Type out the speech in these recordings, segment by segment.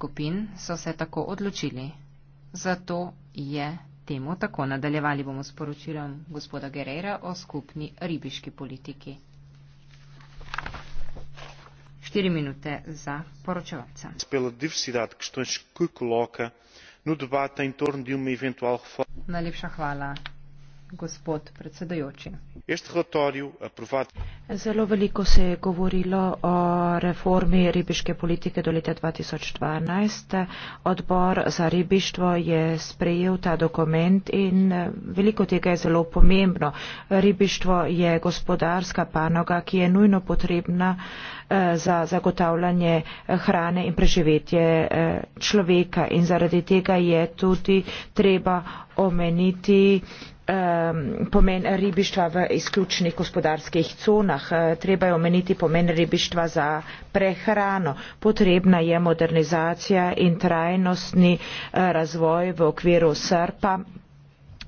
skupin so se tako odločili. Zato je temu tako. Nadaljevali bomo s poročilom gospoda Gerera o skupni ribiški politiki. Štiri minute za poročevalca. No Najlepša hvala gospod predsedajoči. Eh, zelo veliko se je govorilo o reformi ribiške politike do leta 2012. Odbor za ribištvo je sprejel ta dokument in eh, veliko tega je zelo pomembno. Ribištvo je gospodarska panoga, ki je nujno potrebna eh, za zagotavljanje hrane in preživetje človeka in zaradi tega je tudi treba omeniti pomen ribištva v izključnih gospodarskih conah e, treba je omeniti pomen ribištva za prehrano potrebna je modernizacija in trajnostni e, razvoj v okviru srp a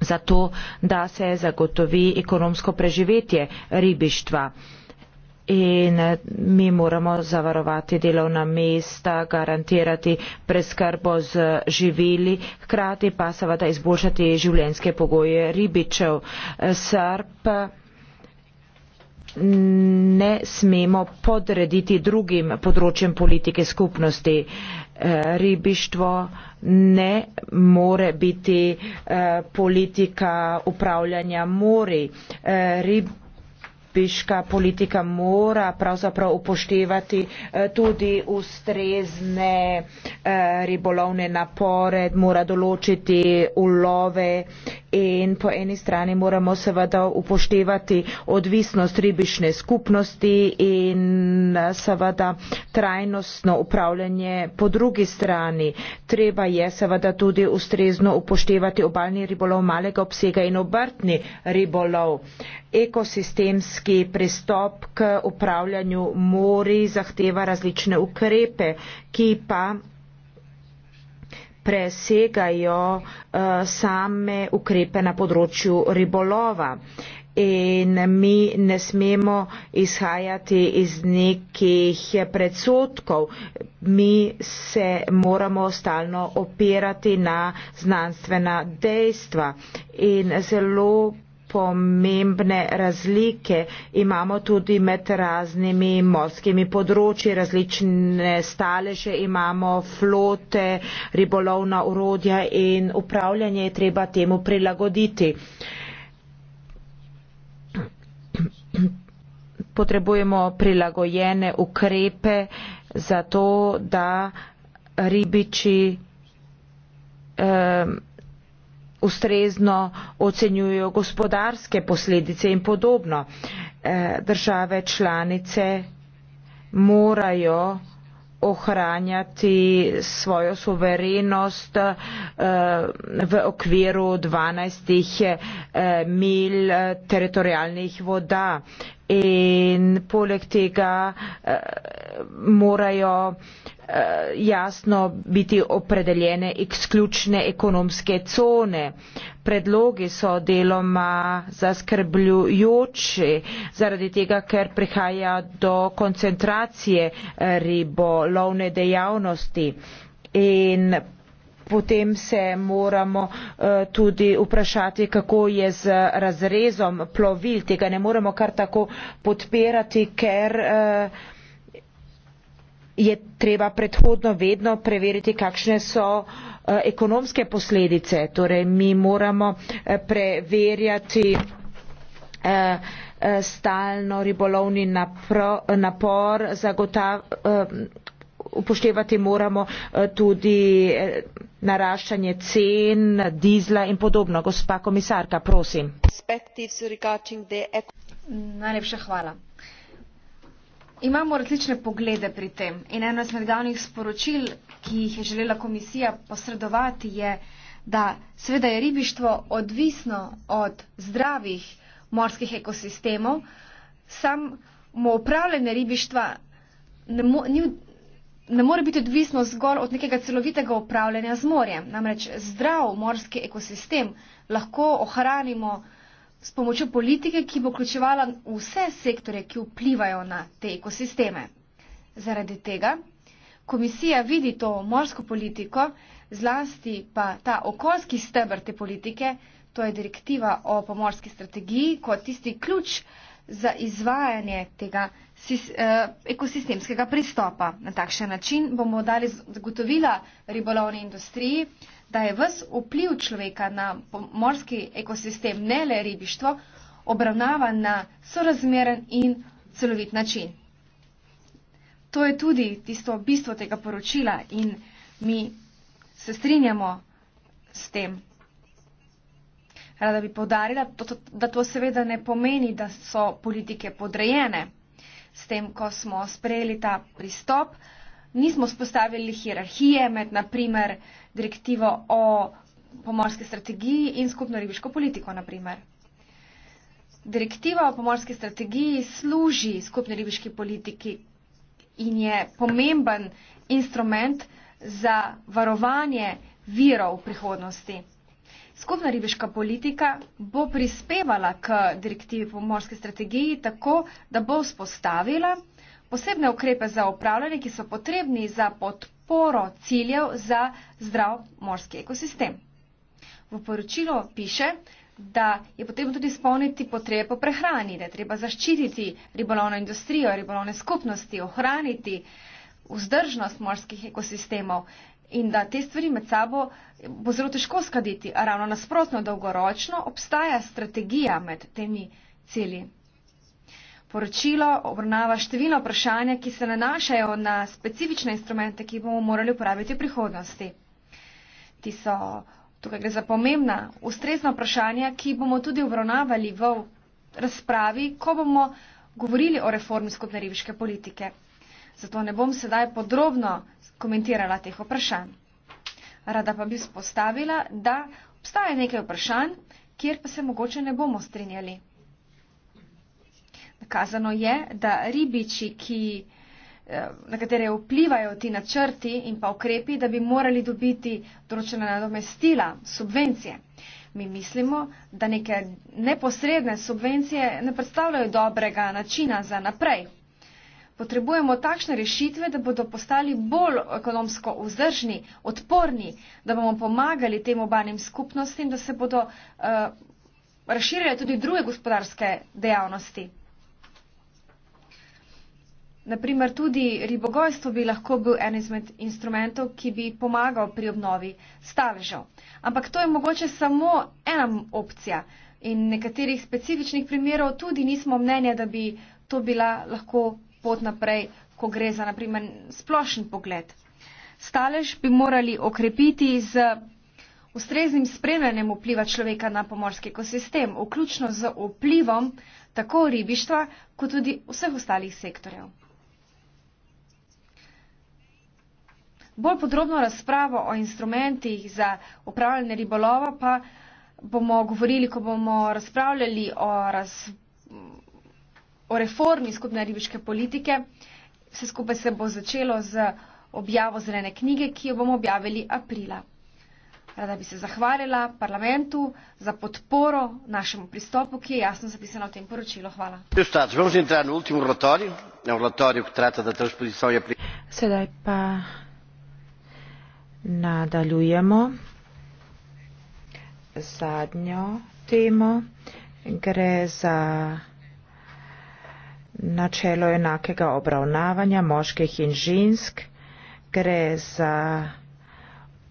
zato da se zagotovi ekonomsko preživetje ribištva in eh, mi moramo zavarovati delovna mesta, garantirati preskrbo z živili, hkrati pa seveda izboljšati življenjske pogoje ribičev. Eh, Srp mm, ne smemo podrediti drugim področjem politike skupnosti. Eh, ribištvo ne more biti politika upravljanja mori. Rib lobiška politika mora pravzaprav upoštevati eh, tudi ustrezne eh, ribolovne napore, mora določiti ulove in po eni strani moramo seveda upoštevati odvisnost ribišne skupnosti in seveda trajnostno upravljanje po drugi strani. Treba je seveda tudi ustrezno upoštevati obaljni ribolov malega obsega in obrtni ribolov. Ekosistemski pristop k upravljanju mori zahteva različne ukrepe, ki pa presegajo eh, same ukrepe na področju ribolova. In mi ne smemo izhajati iz nekih predsotkov, mi se moramo stalno opirati na znanstvena dejstva. In zelo pomembne razlike imamo tudi med raznimi morskimi področji, različne staleže imamo, flote, ribolovna urodja in upravljanje je treba temu prilagoditi. Potrebujemo prilagojene ukrepe za to, da ribiči eh, ustrezno ocenjujejo gospodarske posledice in podobno. Eh, države članice morajo ohranjati svojo suverenost eh, v okviru 12 eh, mil teritorijalnih voda in poleg tega uh, morajo uh, jasno biti opredeljene izključne ekonomske cone. Predlogi so deloma zaskrbljujoči zaradi tega, ker prihaja do koncentracije ribolovne dejavnosti. In potem se moramo eh, tudi vprašati kako je z razrezom plovil tega ne moremo kar tako podpirati ker eh, je treba predhodno vedno preveriti kakšne so eh, ekonomske posledice torej mi moramo preverjati stalno ribolovni napor zagotavljati upoštevati moramo eh, tudi eh, naraščanje cen dizla in podobno. Gospa komisarka, prosim. Najlepša hvala. Imamo različne poglede pri tem in eno izmed glavnih sporočil, ki jih je želela komisija posredovati, je, da seveda je ribištvo odvisno od zdravih morskih ekosistemov, samo upravljanje ribištva ne, mo, ni, ne more biti odvisno zgolj od nekega celovitega upravljanja z morjem. Namreč zdrav morski ekosistem lahko ohranimo s pomočjo politike, ki bo vključevala vse sektore, ki vplivajo na te ekosisteme. Zaradi tega komisija vidi to morsko politiko, zlasti pa ta okoljski stebr te politike to je direktiva o pomorski strategiji kot tisti ključ za izvajanje tega eh, ekosistemskega pristopa. Na takšen način bomo dali zagotovila ribolovni industriji, da je vs vpliv človeka na pomorski ekosistem, ne le ribištvo, obravnavan na sorazmeren in celovit način. To je tudi tisto bistvo tega poročila in mi se strinjamo s tem rada bi povdarila, da to seveda ne pomeni, da so politike podrejene. S tem, ko smo sprejeli ta pristop, nismo spostavili hierarhije med, naprimer, direktivo o pomorske strategiji in skupno ribiško politiko, naprimer. Direktiva o pomorske strategiji služi skupni ribiški politiki in je pomemben instrument za varovanje virov v prihodnosti. Skupna ribiška politika bo prispevala k direktivi pomorske strategiji tako, da bo vzpostavila posebne ukrepe za upravljanje, ki so potrebni za podporo ciljev za zdrav morski ekosistem. V poročilu piše, da je potrebno tudi spolniti potrebe po prehrani, da je treba zaščititi ribolovno industrijo, ribolovne skupnosti, ohraniti vzdržnost morskih ekosistemov in da te stvari med sabo bo zelo težko skladiti. Ravno nasprotno, dolgoročno obstaja strategija med temi cilji. Poročilo obravnava številna vprašanja, ki se nanašajo na specifične instrumente, ki bomo morali uporabiti v prihodnosti. Ti so tukaj gre za pomembna, ustrezna vprašanja, ki bomo tudi obravnavali v razpravi, ko bomo govorili o reformi skupne ribiške politike zato ne bom sedaj podrobno komentirala teh vprašanj. Rada pa bi spostavila, da obstaja nekaj vprašanj, kjer pa se mogoče ne bomo strinjali. Nakazano je, da ribiči, ki, eh, na katere vplivajo ti načrti in pa ukrepi, da bi morali dobiti določena nadomestila, subvencije. Mi mislimo, da neke neposredne subvencije ne predstavljajo dobrega načina za naprej. Potrebujemo takšne rešitve, da bodo postali bolj ekonomsko vzdržni, odporni, da bomo pomagali tem obanim skupnostim, da se bodo uh, razširile tudi druge gospodarske dejavnosti. Naprimer, tudi ribogojstvo bi lahko bil en izmed instrumentov, ki bi pomagal pri obnovi staležev. Ampak to je mogoče samo ena opcija in nekaterih specifičnih primerov tudi nismo mnenja, da bi to bila lahko pot naprej, ko gre za naprimer splošen pogled. Stalež bi morali okrepiti z ustreznim spremljanjem vpliva človeka na pomorski ekosistem, vključno z vplivom tako ribištva, kot tudi vseh ostalih sektorjev. Bolj podrobno razpravo o instrumentih za upravljanje ribolova pa bomo govorili, ko bomo razpravljali o razpravljanju o reformi skupne ribiške politike. Vse skupaj se bo začelo z objavo zrene knjige, ki jo bomo objavili aprila. Rada bi se zahvalila parlamentu za podporo našemu pristopu, ki je jasno zapisano v tem poročilu. Hvala. No um e Sedaj pa nadaljujemo zadnjo temo. Gre za načelo enakega obravnavanja moških in žensk, gre za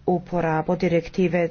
uporabo direktive